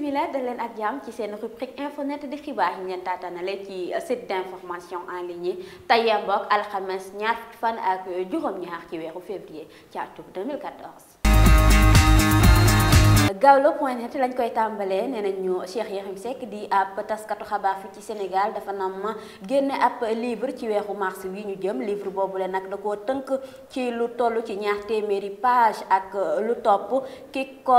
C'est une ak qui ci une rubrique infonet de xibaar site d'information en ligne al ñaar fan ak ñaar ci au février ci 2014 Gawlo point net lañ koy tàmbalee nee nañu Cheikh Yérim sek di ab taskatu xabaar fi ci Sénégal dafa nam génne ab livre ci weeru mars wi ñu jëm livre boobu le nag da koo ci lu toll ci ñaar téeméeri page ak lu ko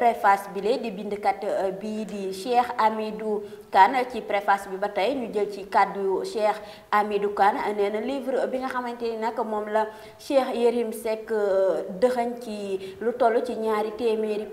préface bi di bindkat bii di Cheikh Amidou Kane ci préface bi ba tey ñu jël ci kàddu Cheikh Amidou kan nee na livre bi nga xamante ni nag la Cheikh Yérim Seck euh, dëxañ ci lu ci ñaari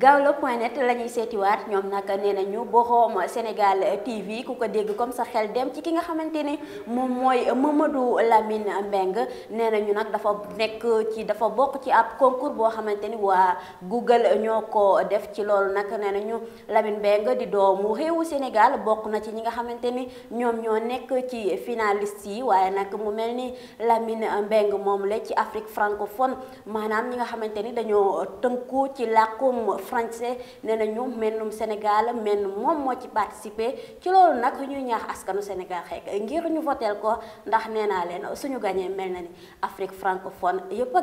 Gawlo point net la ñuy waat ñoom nag nee nañu boroom Sénégal TV ku ko dégg comme sa xel dem ci ki nga xamante ni moom mooy Mamadou Lamine Mbengue nee nañu nag dafa nekk ci dafa bokk ci ab concours boo xamante ni waa Google ñoo ko def ci loolu nag nee nañu Lamine Mbengue di doomu réewu Sénégal bokk na ci ñi nga xamante ni ñoom ñoo nekk ci finaliste yi waaye nag mu mel ni Lamine Mbengue moom la ci Afrique francophone maanaam ñi nga xamante ni dañoo tënku ci làkkum français nee na ñu mennum Sénégal menn moom moo ci participé ci loolu nag ñuy ñaax askanu Sénégal xeek ngir ñu voteel ko ndax nee naa leen suñu gagné mel na ni Afrique francophone yëpp a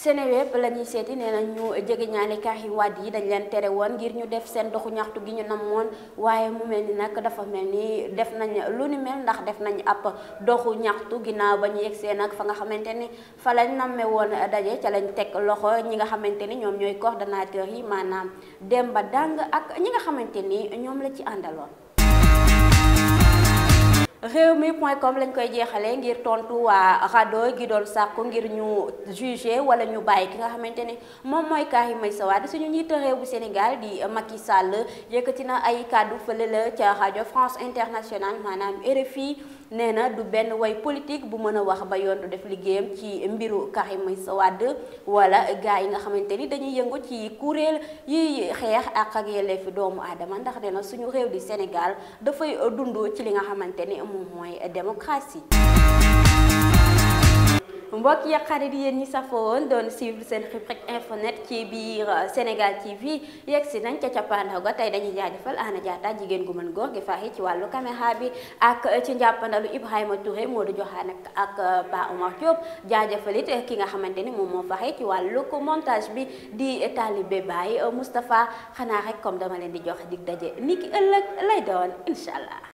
Seneweb la lañuy seeti nee na ñu jege ñaale Karim Wade yi dañ leen tere woon ngir ñu def seen doxu ñaxtu gi ñu namoon waaye mu mel ni nag dafa mel ni def nañ lu ni mel ndax def nañ ab doxu ñaxtu ginnaaw ba ñu yegsee nag fa nga xamante ni fa lañ nammee woon daje ca lañ teg loxo ñi nga xamante ni ñoom ñooy coordonnateur yi maanaam Demba Dang ak ñi nga xamante ni ñoom la ci àndaloon. réew mi point com lañ koy jeexalee ngir tontu waa RADDHO gi doon sàkku ngir ñu jugé wala ñu bàyyi ki nga xamante ne moom mooy Karim Meïssa Wade suñu Sénégal di Macky Sall yëkkati na ay kàddu fële la ca rajo France International. maanaam RFI Nena na du politik way politique bu mën a wax ba yoon du def liggéeyam ci mbiru Karim wala gars yi nga xamante ni dañuy yëngu ci kuréel yiy xeex ak ak yelleefi doomu aadama ndax dena suñu réew di Sénégal dafay dund ci li nga xamante moom mooy démocratie mbokk ya xarit yéen ñi safoo woon doon suivre seen rubrique infonet ci biir euh, Sénégal TV yegg si nañ ca cappaandaw ga tey dañuy jaajëfal Anna Diatta jigéen gu mën góor gi faaxi ci wàllu caméra bi ak euh, ci njàppandalu Ibrahima Touré moo du joxaan ak euh, Pa Omar Diop jaajëfal ki nga xamante ni moom moo faaxi ci wàllu montage bi di Talibé Baye Moustapha xanaa rek comme dama leen di jox dig daje ni ki ëllëg lay doon incha allah.